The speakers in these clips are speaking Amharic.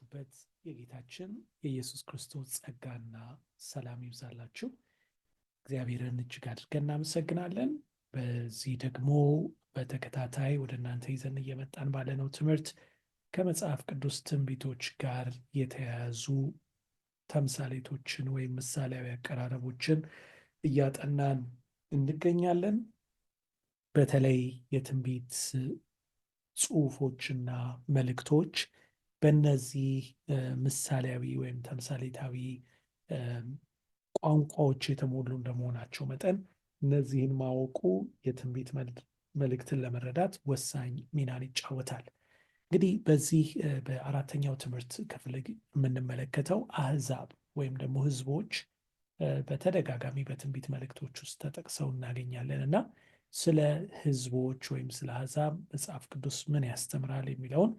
ባላችሁበት የጌታችን የኢየሱስ ክርስቶስ ጸጋና ሰላም ይብዛላችሁ። እግዚአብሔርን እጅግ አድርገን እናመሰግናለን። በዚህ ደግሞ በተከታታይ ወደ እናንተ ይዘን እየመጣን ባለነው ትምህርት ከመጽሐፍ ቅዱስ ትንቢቶች ጋር የተያያዙ ተምሳሌቶችን ወይም ምሳሌያዊ አቀራረቦችን እያጠናን እንገኛለን። በተለይ የትንቢት ጽሑፎችና መልእክቶች በእነዚህ ምሳሌያዊ ወይም ተምሳሌታዊ ቋንቋዎች የተሞሉ እንደመሆናቸው መጠን እነዚህን ማወቁ የትንቢት መልእክትን ለመረዳት ወሳኝ ሚናን ይጫወታል። እንግዲህ በዚህ በአራተኛው ትምህርት ክፍል የምንመለከተው አህዛብ ወይም ደግሞ ህዝቦች በተደጋጋሚ በትንቢት መልእክቶች ውስጥ ተጠቅሰው እናገኛለን እና ስለ ህዝቦች ወይም ስለ አህዛብ መጽሐፍ ቅዱስ ምን ያስተምራል የሚለውን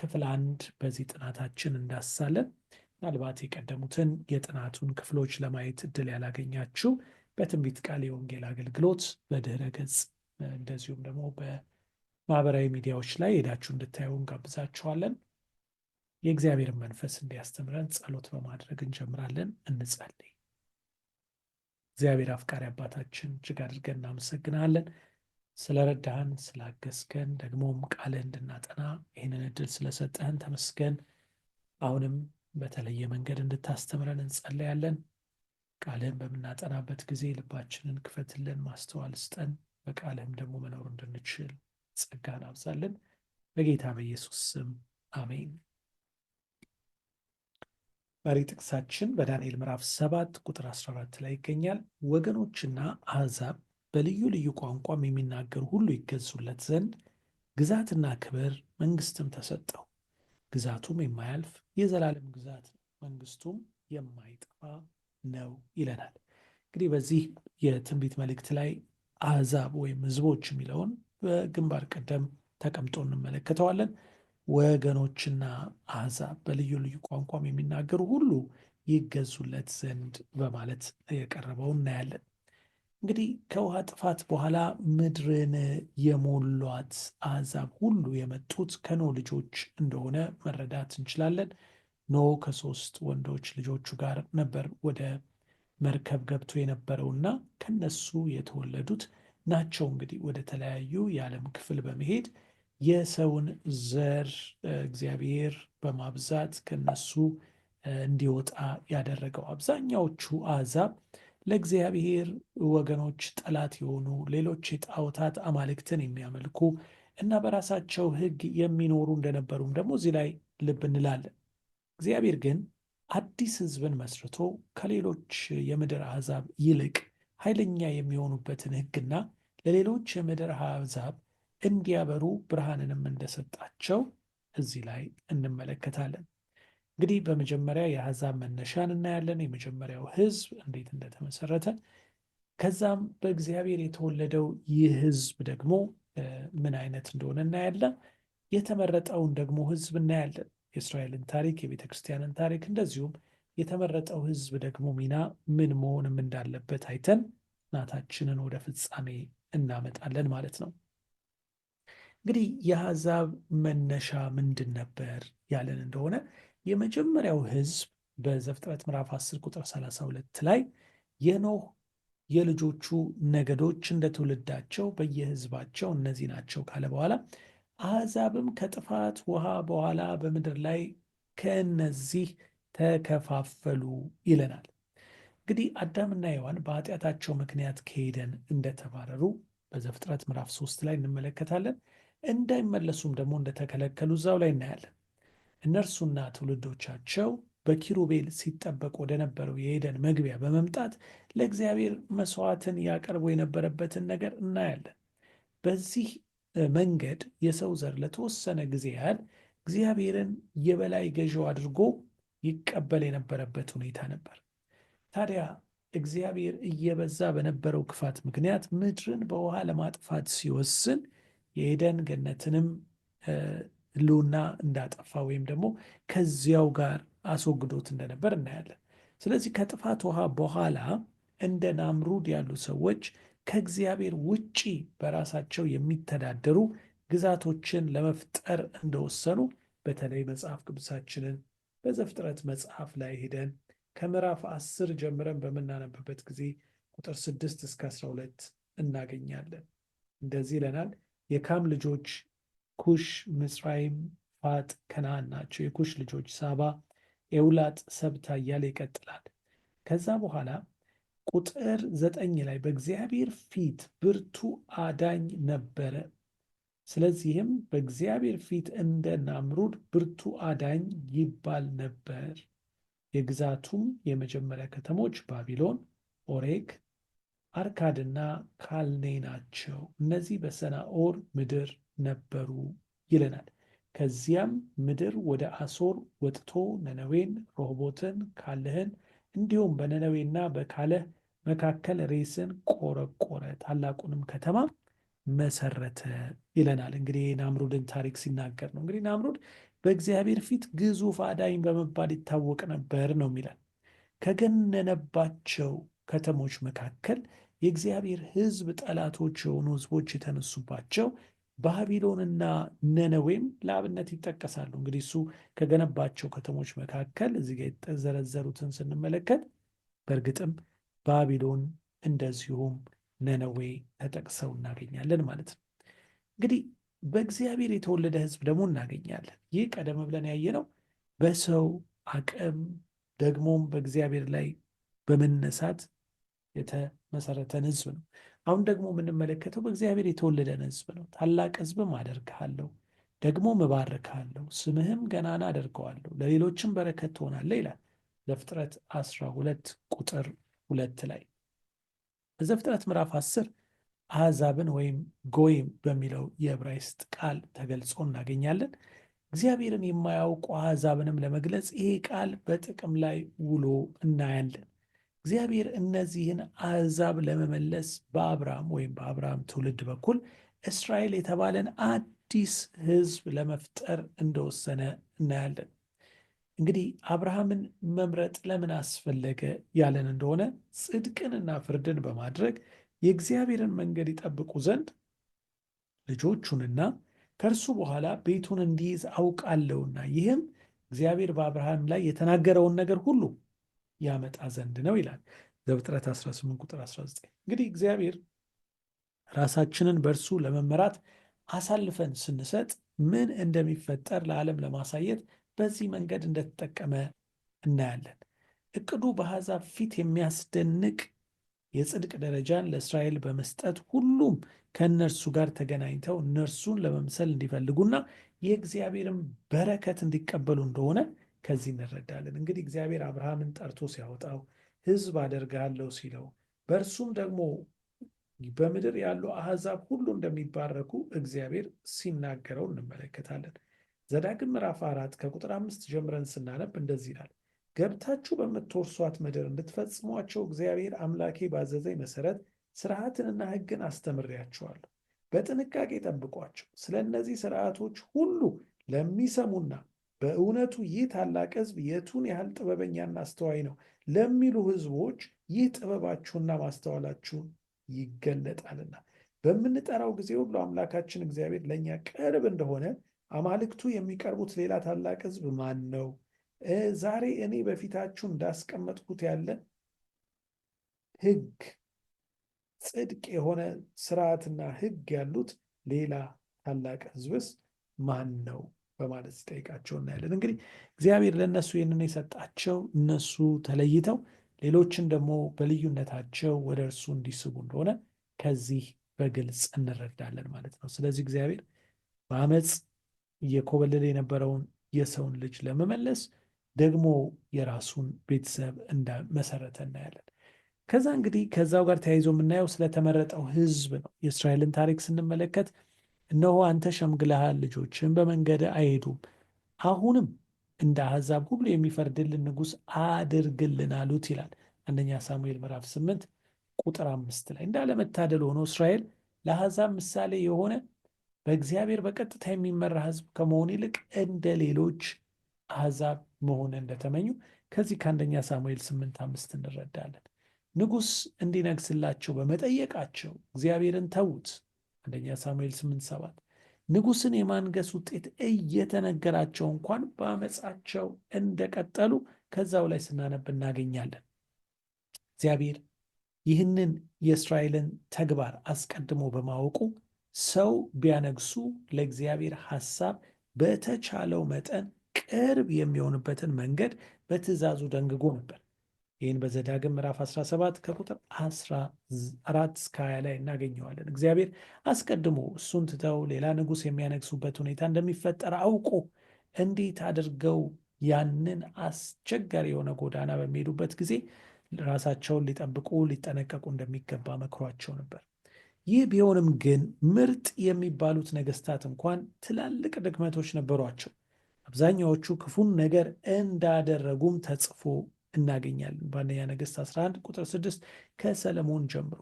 ክፍል አንድ በዚህ ጥናታችን እንዳሳለን። ምናልባት የቀደሙትን የጥናቱን ክፍሎች ለማየት እድል ያላገኛችሁ በትንቢት ቃል የወንጌል አገልግሎት በድህረ ገጽ እንደዚሁም ደግሞ በማህበራዊ ሚዲያዎች ላይ ሄዳችሁ እንድታዩ እንጋብዛችኋለን። የእግዚአብሔርን መንፈስ እንዲያስተምረን ጸሎት በማድረግ እንጀምራለን። እንጸልይ። እግዚአብሔር አፍቃሪ አባታችን እጅግ አድርገን እናመሰግናለን። ስለረዳህን ስላገዝከን፣ ደግሞም ቃል እንድናጠና ይህንን እድል ስለሰጠህን ተመስገን። አሁንም በተለየ መንገድ እንድታስተምረን እንጸለያለን። ቃልህን በምናጠናበት ጊዜ ልባችንን ክፈትልን፣ ማስተዋል ስጠን፣ በቃልህም ደግሞ መኖር እንድንችል ጸጋን ናብዛለን በጌታ በኢየሱስ ስም አሜን። መሪ ጥቅሳችን በዳንኤል ምዕራፍ ሰባት ቁጥር 14 ላይ ይገኛል። ወገኖችና አሕዛብ በልዩ ልዩ ቋንቋም የሚናገሩ ሁሉ ይገዙለት ዘንድ ግዛትና ክብር መንግስትም ተሰጠው። ግዛቱም የማያልፍ የዘላለም ግዛት መንግስቱም የማይጠፋ ነው ይለናል። እንግዲህ በዚህ የትንቢት መልእክት ላይ አሕዛብ ወይም ህዝቦች የሚለውን በግንባር ቀደም ተቀምጦ እንመለከተዋለን። ወገኖችና አሕዛብ በልዩ ልዩ ቋንቋም የሚናገሩ ሁሉ ይገዙለት ዘንድ በማለት የቀረበውን እናያለን። እንግዲህ ከውሃ ጥፋት በኋላ ምድርን የሞሏት አሕዛብ ሁሉ የመጡት ከኖ ልጆች እንደሆነ መረዳት እንችላለን። ኖ ከሶስት ወንዶች ልጆቹ ጋር ነበር ወደ መርከብ ገብቶ የነበረውና ከነሱ የተወለዱት ናቸው። እንግዲህ ወደ ተለያዩ የዓለም ክፍል በመሄድ የሰውን ዘር እግዚአብሔር በማብዛት ከነሱ እንዲወጣ ያደረገው አብዛኛዎቹ አሕዛብ ለእግዚአብሔር ወገኖች ጠላት የሆኑ ሌሎች የጣዖታት አማልክትን የሚያመልኩ እና በራሳቸው ሕግ የሚኖሩ እንደነበሩም ደግሞ እዚህ ላይ ልብ እንላለን። እግዚአብሔር ግን አዲስ ሕዝብን መስርቶ ከሌሎች የምድር አሕዛብ ይልቅ ኃይለኛ የሚሆኑበትን ሕግና ለሌሎች የምድር አሕዛብ እንዲያበሩ ብርሃንንም እንደሰጣቸው እዚህ ላይ እንመለከታለን። እንግዲህ በመጀመሪያ የአሕዛብ መነሻን እናያለን። የመጀመሪያው ህዝብ እንዴት እንደተመሰረተ ከዛም በእግዚአብሔር የተወለደው ይህ ህዝብ ደግሞ ምን አይነት እንደሆነ እናያለን። የተመረጠውን ደግሞ ህዝብ እናያለን። የእስራኤልን ታሪክ፣ የቤተ ክርስቲያንን ታሪክ እንደዚሁም የተመረጠው ህዝብ ደግሞ ሚና ምን መሆንም እንዳለበት አይተን ናታችንን ወደ ፍጻሜ እናመጣለን ማለት ነው። እንግዲህ የአሕዛብ መነሻ ምንድን ነበር ያለን እንደሆነ የመጀመሪያው ህዝብ በዘፍጥረት ምዕራፍ 10 ቁጥር 32 ላይ የኖህ የልጆቹ ነገዶች እንደ ትውልዳቸው በየህዝባቸው እነዚህ ናቸው ካለ በኋላ አሕዛብም ከጥፋት ውሃ በኋላ በምድር ላይ ከእነዚህ ተከፋፈሉ ይለናል። እንግዲህ አዳምና ሔዋን በኃጢአታቸው ምክንያት ከኤደን እንደተባረሩ በዘፍጥረት ምዕራፍ ሶስት ላይ እንመለከታለን። እንዳይመለሱም ደግሞ እንደተከለከሉ እዛው ላይ እናያለን። እነርሱና ትውልዶቻቸው በኪሩቤል ሲጠበቅ ወደነበረው የሄደን የኤደን መግቢያ በመምጣት ለእግዚአብሔር መስዋዕትን ያቀርቡ የነበረበትን ነገር እናያለን። በዚህ መንገድ የሰው ዘር ለተወሰነ ጊዜ ያህል እግዚአብሔርን የበላይ ገዢው አድርጎ ይቀበል የነበረበት ሁኔታ ነበር። ታዲያ እግዚአብሔር እየበዛ በነበረው ክፋት ምክንያት ምድርን በውሃ ለማጥፋት ሲወስን የኤደን ገነትንም ህልውና እንዳጠፋ ወይም ደግሞ ከዚያው ጋር አስወግዶት እንደነበር እናያለን። ስለዚህ ከጥፋት ውሃ በኋላ እንደ ናምሩድ ያሉ ሰዎች ከእግዚአብሔር ውጪ በራሳቸው የሚተዳደሩ ግዛቶችን ለመፍጠር እንደወሰኑ በተለይ መጽሐፍ ቅዱሳችንን በዘፍጥረት መጽሐፍ ላይ ሄደን ከምዕራፍ አስር ጀምረን በምናነብበት ጊዜ ቁጥር ስድስት እስከ አስራ ሁለት እናገኛለን። እንደዚህ ይለናል። የካም ልጆች ኩሽ፣ ምጽራይም፣ ፋጥ፣ ከነአን ናቸው። የኩሽ ልጆች ሳባ፣ ኤውላጥ፣ ሰብታ እያለ ይቀጥላል። ከዛ በኋላ ቁጥር ዘጠኝ ላይ በእግዚአብሔር ፊት ብርቱ አዳኝ ነበረ፣ ስለዚህም በእግዚአብሔር ፊት እንደ ናምሩድ ብርቱ አዳኝ ይባል ነበር። የግዛቱም የመጀመሪያ ከተሞች ባቢሎን፣ ኦሬክ፣ አርካድና ካልኔ ናቸው። እነዚህ በሰናኦር ምድር ነበሩ ይለናል። ከዚያም ምድር ወደ አሶር ወጥቶ ነነዌን፣ ሮሆቦትን፣ ካለህን እንዲሁም በነነዌና በካለህ መካከል ሬስን ቆረቆረ፣ ታላቁንም ከተማ መሰረተ ይለናል። እንግዲህ ናምሩድን ታሪክ ሲናገር ነው። እንግዲህ ናምሩድ በእግዚአብሔር ፊት ግዙፍ አዳኝ በመባል ይታወቅ ነበር ነው የሚለን። ከገነነባቸው ከተሞች መካከል የእግዚአብሔር ሕዝብ ጠላቶች የሆኑ ሕዝቦች የተነሱባቸው ባቢሎንና ነነዌም ለአብነት ይጠቀሳሉ። እንግዲህ እሱ ከገነባቸው ከተሞች መካከል እዚህ ጋ የተዘረዘሩትን ስንመለከት በእርግጥም ባቢሎን እንደዚሁም ነነዌ ተጠቅሰው እናገኛለን ማለት ነው። እንግዲህ በእግዚአብሔር የተወለደ ሕዝብ ደግሞ እናገኛለን። ይህ ቀደም ብለን ያየነው በሰው አቅም ደግሞም በእግዚአብሔር ላይ በመነሳት የተመሰረተን ሕዝብ ነው። አሁን ደግሞ የምንመለከተው በእግዚአብሔር የተወለደን ህዝብ ነው። ታላቅ ህዝብም አደርግሃለሁ፣ ደግሞ እባርክሃለሁ፣ ስምህም ገናና አደርገዋለሁ፣ ለሌሎችም በረከት ትሆናለህ ይላል ዘፍጥረት 12 ቁጥር ሁለት ላይ በዘፍጥረት ምዕራፍ 10 አሕዛብን ወይም ጎይም በሚለው የዕብራይስጥ ቃል ተገልጾ እናገኛለን። እግዚአብሔርን የማያውቁ አሕዛብንም ለመግለጽ ይሄ ቃል በጥቅም ላይ ውሎ እናያለን። እግዚአብሔር እነዚህን አሕዛብ ለመመለስ በአብርሃም ወይም በአብርሃም ትውልድ በኩል እስራኤል የተባለን አዲስ ሕዝብ ለመፍጠር እንደወሰነ እናያለን። እንግዲህ አብርሃምን መምረጥ ለምን አስፈለገ ያለን እንደሆነ ጽድቅንና ፍርድን በማድረግ የእግዚአብሔርን መንገድ ይጠብቁ ዘንድ ልጆቹንና ከእርሱ በኋላ ቤቱን እንዲይዝ አውቃለሁና ይህም እግዚአብሔር በአብርሃም ላይ የተናገረውን ነገር ሁሉ ያመጣ ዘንድ ነው ይላል ዘፍጥረት 18 ቁጥር 19። እንግዲህ እግዚአብሔር ራሳችንን በእርሱ ለመመራት አሳልፈን ስንሰጥ ምን እንደሚፈጠር ለዓለም ለማሳየት በዚህ መንገድ እንደተጠቀመ እናያለን። እቅዱ በአሕዛብ ፊት የሚያስደንቅ የጽድቅ ደረጃን ለእስራኤል በመስጠት ሁሉም ከእነርሱ ጋር ተገናኝተው እነርሱን ለመምሰል እንዲፈልጉና የእግዚአብሔርን በረከት እንዲቀበሉ እንደሆነ ከዚህ እንረዳለን። እንግዲህ እግዚአብሔር አብርሃምን ጠርቶ ሲያወጣው ሕዝብ አደርግሃለሁ ሲለው በእርሱም ደግሞ በምድር ያሉ አሕዛብ ሁሉ እንደሚባረኩ እግዚአብሔር ሲናገረው እንመለከታለን። ዘዳግም ምዕራፍ አራት ከቁጥር አምስት ጀምረን ስናነብ እንደዚህ ይላል ገብታችሁ በምትወርሷት ምድር እንድትፈጽሟቸው እግዚአብሔር አምላኬ ባዘዘኝ መሰረት ስርዓትንና ሕግን አስተምሬያችኋለሁ። በጥንቃቄ ጠብቋቸው። ስለ እነዚህ ስርዓቶች ሁሉ ለሚሰሙና በእውነቱ ይህ ታላቅ ሕዝብ የቱን ያህል ጥበበኛና አስተዋይ ነው ለሚሉ ሕዝቦች ይህ ጥበባችሁና ማስተዋላችሁ ይገለጣልና በምንጠራው ጊዜ ሁሉ አምላካችን እግዚአብሔር ለእኛ ቅርብ እንደሆነ አማልክቱ የሚቀርቡት ሌላ ታላቅ ሕዝብ ማን ነው? ዛሬ እኔ በፊታችሁ እንዳስቀመጥኩት ያለ ሕግ ጽድቅ የሆነ ስርዓትና ሕግ ያሉት ሌላ ታላቅ ሕዝብስ ማን ነው? በማለት ሲጠይቃቸው እናያለን። እንግዲህ እግዚአብሔር ለእነሱ ይህንን የሰጣቸው እነሱ ተለይተው ሌሎችን ደግሞ በልዩነታቸው ወደ እርሱ እንዲስቡ እንደሆነ ከዚህ በግልጽ እንረዳለን ማለት ነው። ስለዚህ እግዚአብሔር በአመፅ እየኮበለለ የነበረውን የሰውን ልጅ ለመመለስ ደግሞ የራሱን ቤተሰብ እንደመሰረተ እናያለን። ከዛ እንግዲህ ከዛው ጋር ተያይዞ የምናየው ስለተመረጠው ሕዝብ ነው። የእስራኤልን ታሪክ ስንመለከት እነሆ አንተ ሸምግለሃል፣ ልጆችን በመንገድ አይሄዱም። አሁንም እንደ አሕዛብ ሁሉ የሚፈርድልን ንጉሥ አድርግልን አሉት ይላል አንደኛ ሳሙኤል ምዕራፍ ስምንት ቁጥር አምስት ላይ እንዳለመታደል ሆኖ እስራኤል ለአሕዛብ ምሳሌ የሆነ በእግዚአብሔር በቀጥታ የሚመራ ሕዝብ ከመሆን ይልቅ እንደ ሌሎች አሕዛብ መሆን እንደተመኙ ከዚህ ከአንደኛ ሳሙኤል ስምንት አምስት እንረዳለን። ንጉሥ እንዲነግስላቸው በመጠየቃቸው እግዚአብሔርን ተዉት። አንደኛ ሳሙኤል 8፥7 ንጉሥን የማንገስ ውጤት እየተነገራቸው እንኳን በአመፃቸው እንደቀጠሉ ከዛው ላይ ስናነብ እናገኛለን። እግዚአብሔር ይህንን የእስራኤልን ተግባር አስቀድሞ በማወቁ ሰው ቢያነግሱ ለእግዚአብሔር ሐሳብ በተቻለው መጠን ቅርብ የሚሆንበትን መንገድ በትእዛዙ ደንግጎ ነበር። ይህን በዘዳግም ምዕራፍ 17 ከቁጥር 14 እስከ 20 ላይ እናገኘዋለን። እግዚአብሔር አስቀድሞ እሱን ትተው ሌላ ንጉሥ የሚያነግሱበት ሁኔታ እንደሚፈጠር አውቆ እንዴት አድርገው ያንን አስቸጋሪ የሆነ ጎዳና በሚሄዱበት ጊዜ ራሳቸውን ሊጠብቁ ሊጠነቀቁ እንደሚገባ መክሯቸው ነበር። ይህ ቢሆንም ግን ምርጥ የሚባሉት ነገስታት እንኳን ትላልቅ ድክመቶች ነበሯቸው። አብዛኛዎቹ ክፉን ነገር እንዳደረጉም ተጽፎ እናገኛለን። በአንደኛ ነገሥት 11 ቁጥር 6 ከሰለሞን ጀምሮ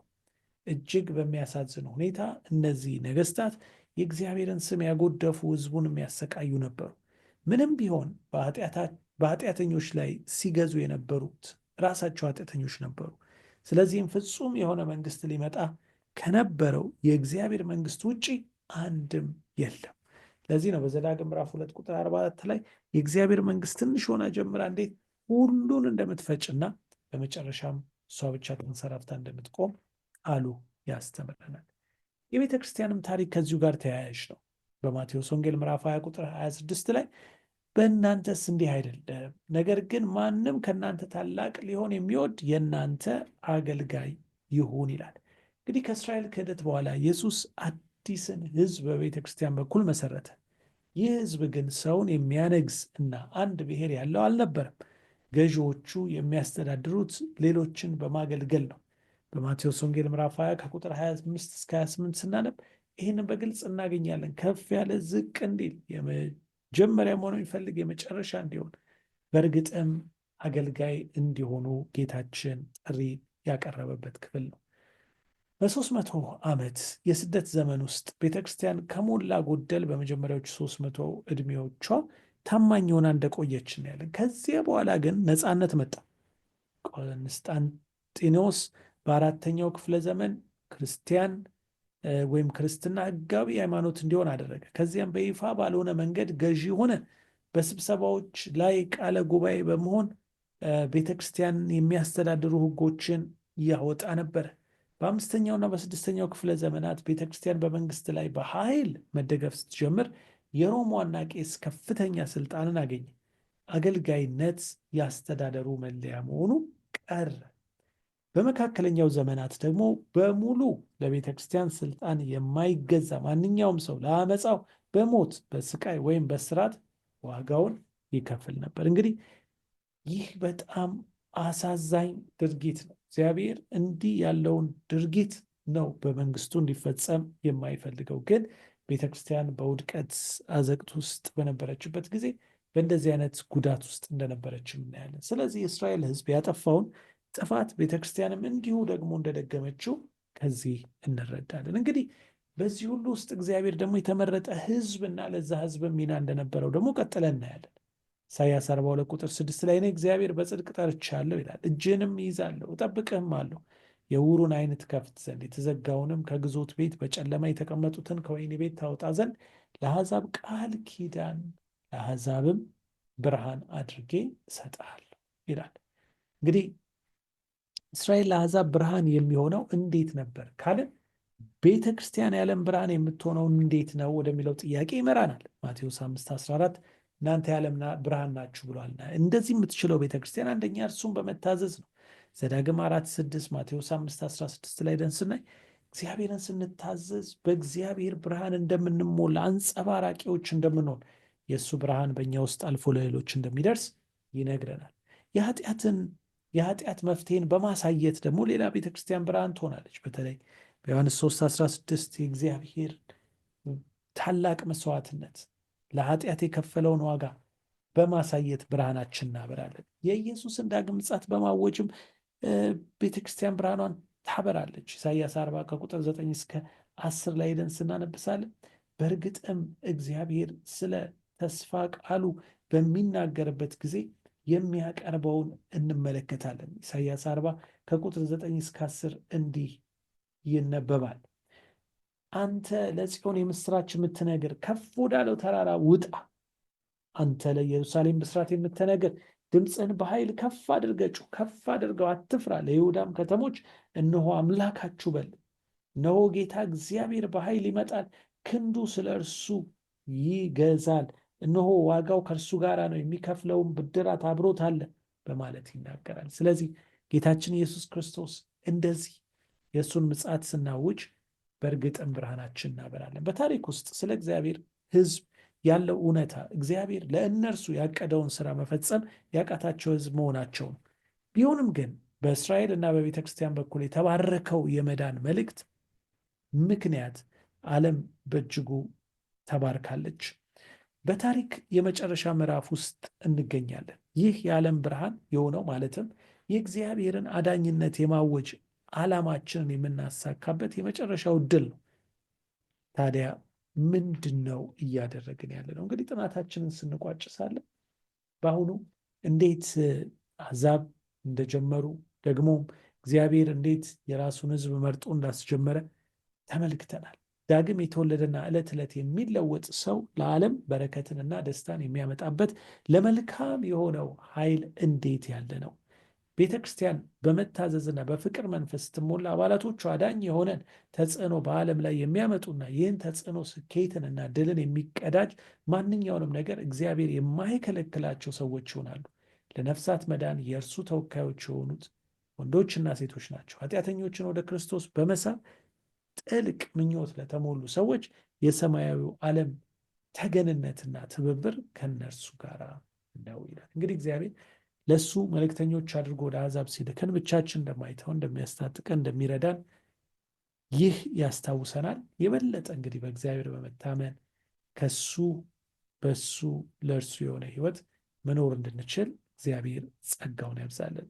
እጅግ በሚያሳዝን ሁኔታ እነዚህ ነገሥታት የእግዚአብሔርን ስም ያጎደፉ ሕዝቡን የሚያሰቃዩ ነበሩ። ምንም ቢሆን በኃጢአተኞች ላይ ሲገዙ የነበሩት ራሳቸው ኃጢአተኞች ነበሩ። ስለዚህም ፍጹም የሆነ መንግስት ሊመጣ ከነበረው የእግዚአብሔር መንግስት ውጪ አንድም የለም። ለዚህ ነው በዘዳግም ምዕራፍ ሁለት ቁጥር 44 ላይ የእግዚአብሔር መንግስት ትንሽ ሆና ጀምራ እንዴት ሁሉን እንደምትፈጭና በመጨረሻም እሷ ብቻ ተንሰራፍታ እንደምትቆም ቃሉ ያስተምረናል። የቤተ ክርስቲያንም ታሪክ ከዚሁ ጋር ተያያዥ ነው። በማቴዎስ ወንጌል ምዕራፍ 20 ቁጥር 26 ላይ በእናንተስ እንዲህ አይደለም፣ ነገር ግን ማንም ከእናንተ ታላቅ ሊሆን የሚወድ የእናንተ አገልጋይ ይሁን ይላል። እንግዲህ ከእስራኤል ክህደት በኋላ ኢየሱስ አዲስን ሕዝብ በቤተ ክርስቲያን በኩል መሰረተ። ይህ ሕዝብ ግን ሰውን የሚያነግስ እና አንድ ብሔር ያለው አልነበረም። ገዢዎቹ የሚያስተዳድሩት ሌሎችን በማገልገል ነው። በማቴዎስ ወንጌል ምዕራፍ 20 ከቁጥር 25 እስከ 28 ስናነብ ይህንን በግልጽ እናገኛለን። ከፍ ያለ ዝቅ እንዲል የመጀመሪያ መሆኑ የሚፈልግ የመጨረሻ እንዲሆን በእርግጥም አገልጋይ እንዲሆኑ ጌታችን ጥሪ ያቀረበበት ክፍል ነው። በሦስት መቶ ዓመት የስደት ዘመን ውስጥ ቤተክርስቲያን ከሞላ ጎደል በመጀመሪያዎቹ ሦስት መቶ ዕድሜዎቿ ታማኝ ሆና እንደቆየች እናያለን። ከዚያ በኋላ ግን ነፃነት መጣ። ቆንስጣንጢኖስ በአራተኛው ክፍለ ዘመን ክርስቲያን ወይም ክርስትና ሕጋዊ ሃይማኖት እንዲሆን አደረገ። ከዚያም በይፋ ባልሆነ መንገድ ገዢ ሆነ። በስብሰባዎች ላይ ቃለ ጉባኤ በመሆን ቤተ ክርስቲያን የሚያስተዳድሩ ሕጎችን ያወጣ ነበረ። በአምስተኛውና በስድስተኛው ክፍለ ዘመናት ቤተ ክርስቲያን በመንግስት ላይ በኃይል መደገፍ ስትጀምር የሮም ዋና ቄስ ከፍተኛ ስልጣንን አገኘ። አገልጋይነት ያስተዳደሩ መለያ መሆኑ ቀረ። በመካከለኛው ዘመናት ደግሞ በሙሉ ለቤተ ክርስቲያን ስልጣን የማይገዛ ማንኛውም ሰው ለአመፃው በሞት በስቃይ ወይም በስርዓት ዋጋውን ይከፍል ነበር። እንግዲህ ይህ በጣም አሳዛኝ ድርጊት ነው። እግዚአብሔር እንዲህ ያለውን ድርጊት ነው በመንግስቱ እንዲፈጸም የማይፈልገው ግን ቤተክርስቲያን በውድቀት አዘቅት ውስጥ በነበረችበት ጊዜ በእንደዚህ አይነት ጉዳት ውስጥ እንደነበረች እናያለን። ስለዚህ የእስራኤል ሕዝብ ያጠፋውን ጥፋት ቤተክርስቲያንም እንዲሁ ደግሞ እንደደገመችው ከዚህ እንረዳለን። እንግዲህ በዚህ ሁሉ ውስጥ እግዚአብሔር ደግሞ የተመረጠ ሕዝብ እና ለዛ ሕዝብ ሚና እንደነበረው ደግሞ ቀጥለን እናያለን። ኢሳያስ 42 ቁጥር 6 ላይ እኔ እግዚአብሔር በጽድቅ ጠርቻለሁ ይላል፣ እጅህንም ይዛለሁ እጠብቅህም አለሁ የውሩን አይነት ከፍት ዘንድ የተዘጋውንም ከግዞት ቤት በጨለማ የተቀመጡትን ከወህኒ ቤት ታወጣ ዘንድ ለአሕዛብ ቃል ኪዳን ለአሕዛብም ብርሃን አድርጌ እሰጥሃለሁ ይላል። እንግዲህ እስራኤል ለአሕዛብ ብርሃን የሚሆነው እንዴት ነበር ካልን ቤተ ክርስቲያን የዓለም ብርሃን የምትሆነው እንዴት ነው ወደሚለው ጥያቄ ይመራናል። ማቴዎስ 5 14 እናንተ የዓለም ብርሃን ናችሁ ብሏልና። እንደዚህ የምትችለው ቤተ ክርስቲያን አንደኛ እርሱን በመታዘዝ ነው። ዘዳግም አራት ስድስት ማቴዎስ አምስት አስራ ስድስት ላይ ደን ስናይ እግዚአብሔርን ስንታዘዝ በእግዚአብሔር ብርሃን እንደምንሞላ አንጸባራቂዎች እንደምንሆን የእሱ ብርሃን በእኛ ውስጥ አልፎ ለሌሎች እንደሚደርስ ይነግረናል። የኃጢአትን የኃጢአት መፍትሄን በማሳየት ደግሞ ሌላ ቤተ ክርስቲያን ብርሃን ትሆናለች። በተለይ በዮሐንስ 3 16 የእግዚአብሔር ታላቅ መስዋዕትነት ለኃጢአት የከፈለውን ዋጋ በማሳየት ብርሃናችን እናበራለን። የኢየሱስን ዳግም ምጽአት በማወጅም ቤተ ክርስቲያን ብርሃኗን ታበራለች። ኢሳያስ አርባ ከቁጥር ዘጠኝ እስከ አስር ላይ ሄደን ስናነብሳለን። በእርግጥም እግዚአብሔር ስለ ተስፋ ቃሉ በሚናገርበት ጊዜ የሚያቀርበውን እንመለከታለን። ኢሳያስ አርባ ከቁጥር ዘጠኝ እስከ አስር እንዲህ ይነበባል። አንተ ለጽዮን የምስራች የምትነግር ከፍ ወዳለው ተራራ ውጣ። አንተ ለኢየሩሳሌም ብስራት የምትነግር ድምፅን በኃይል ከፍ አድርገች ከፍ አድርገው አትፍራ፣ ለይሁዳም ከተሞች እነሆ አምላካችሁ በል። እነሆ ጌታ እግዚአብሔር በኃይል ይመጣል፣ ክንዱ ስለ እርሱ ይገዛል። እነሆ ዋጋው ከእርሱ ጋር ነው፣ የሚከፍለውን ብድራት አብሮት አለ በማለት ይናገራል። ስለዚህ ጌታችን ኢየሱስ ክርስቶስ እንደዚህ የእሱን ምጽአት ስናውጅ በእርግጥም ብርሃናችን እናበራለን። በታሪክ ውስጥ ስለ እግዚአብሔር ህዝብ። ያለው እውነታ እግዚአብሔር ለእነርሱ ያቀደውን ስራ መፈጸም ያቃታቸው ህዝብ መሆናቸው ነው። ቢሆንም ግን በእስራኤል እና በቤተ ክርስቲያን በኩል የተባረከው የመዳን መልእክት ምክንያት ዓለም በእጅጉ ተባርካለች። በታሪክ የመጨረሻ ምዕራፍ ውስጥ እንገኛለን። ይህ የዓለም ብርሃን የሆነው ማለትም የእግዚአብሔርን አዳኝነት የማወጅ ዓላማችንን የምናሳካበት የመጨረሻው ድል ነው። ታዲያ ምንድን ነው እያደረግን ያለ ነው? እንግዲህ ጥናታችንን ስንቋጭ ሳለ በአሁኑ እንዴት አሕዛብ እንደጀመሩ ደግሞ እግዚአብሔር እንዴት የራሱን ሕዝብ መርጦ እንዳስጀመረ ተመልክተናል። ዳግም የተወለደና ዕለት ዕለት የሚለወጥ ሰው ለዓለም በረከትንና ደስታን የሚያመጣበት ለመልካም የሆነው ኃይል እንዴት ያለ ነው ቤተ ክርስቲያን በመታዘዝና በፍቅር መንፈስ ስትሞላ አባላቶቹ አዳኝ የሆነን ተጽዕኖ በዓለም ላይ የሚያመጡና ይህን ተጽዕኖ ስኬትንና ድልን የሚቀዳጅ ማንኛውንም ነገር እግዚአብሔር የማይከለክላቸው ሰዎች ይሆናሉ። ለነፍሳት መዳን የእርሱ ተወካዮች የሆኑት ወንዶችና ሴቶች ናቸው። ኃጢአተኞችን ወደ ክርስቶስ በመሳብ ጥልቅ ምኞት ለተሞሉ ሰዎች የሰማያዊው ዓለም ተገንነትና ትብብር ከነርሱ ጋር ነው ይላል። እንግዲህ እግዚአብሔር ለእሱ መልእክተኞች አድርጎ ወደ አሕዛብ ሲልከን ብቻችን እንደማይተው እንደሚያስታጥቀን፣ እንደሚረዳን ይህ ያስታውሰናል። የበለጠ እንግዲህ በእግዚአብሔር በመታመን ከሱ በሱ ለእርሱ የሆነ ህይወት መኖር እንድንችል እግዚአብሔር ጸጋውን ያብዛለን።